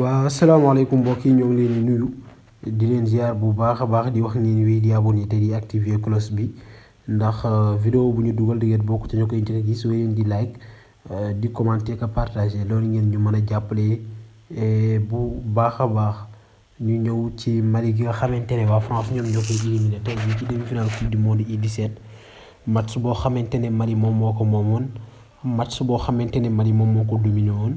wa asalaamaaleykum mbokk yi ñoo ngi leen nuyu di leen ziar bu baax a baax di wax ni wi di abonné te di activer cloche bi ndax euh, vidéo bu ñu dugal di ngeen bokk ci ñoo koy gis wéy di like euh, di commenter ka partager loolu ngeen ñu mën a jàppale eh, bu baax a baax ñu ñëw ci Mali gi nga xamante ne waa France ñoom ñoo koy éliminé tey ci demi-finale coupe du monde U17 match boo xamante ne Mali moom moo ko moomoon match boo xamante ne Mali moom moo ko dominé woon.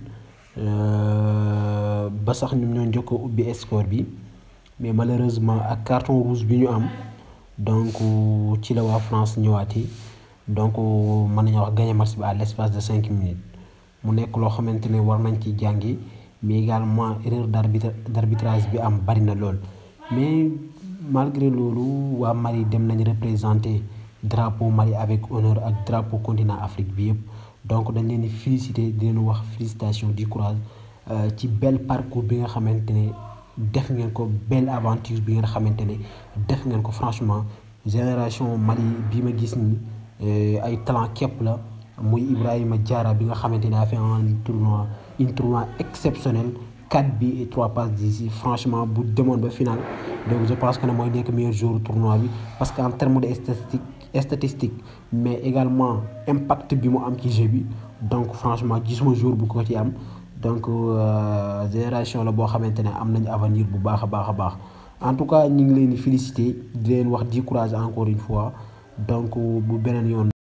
Euh, ba sax ñu ñoo njëkk a ubbi score bi mais malheureusement ak carton rouge bi ñu am donc ci la waa France ñëwaati donc mën nañu wax gagné match bi à l' de cinq minutes mu nekk loo xamante ne war nañ ci jàngi mais également erreur d' arbitre d' arbitrage bi am bari na lool mais malgré loolu waa Mali dem nañ représenter drapeau Mali avec honneur ak drapeau continent Afrique bi yëpp. donc dañ leen di féliciter di leen wax félicitation du courage euh, ci bel parcours bi nga xamante ne def ngeen ko belle aventure bi nga xamante ne def ngeen ko franchement génération Mali bi ma gis ni euh, ay talent képp la muy Ibrahima Diarra bi nga xamante ne a fait un tournoi un tournoi exceptionnel 4 bi et 3 passes d'ici franchement bu demoon ba final donc je pense que c'est mooy nekk meilleur joueur tournoi bi parce qu'en en terme de statistique statistique mais également impact bi mu am ci jeu donc franchement gisuma jour bu ko ci am donc euh, génération la boo à ne am à avenir bu baax en tout cas ñu ngi leen di féliciter di leen wax di encore une fois donc bu beneen yoon.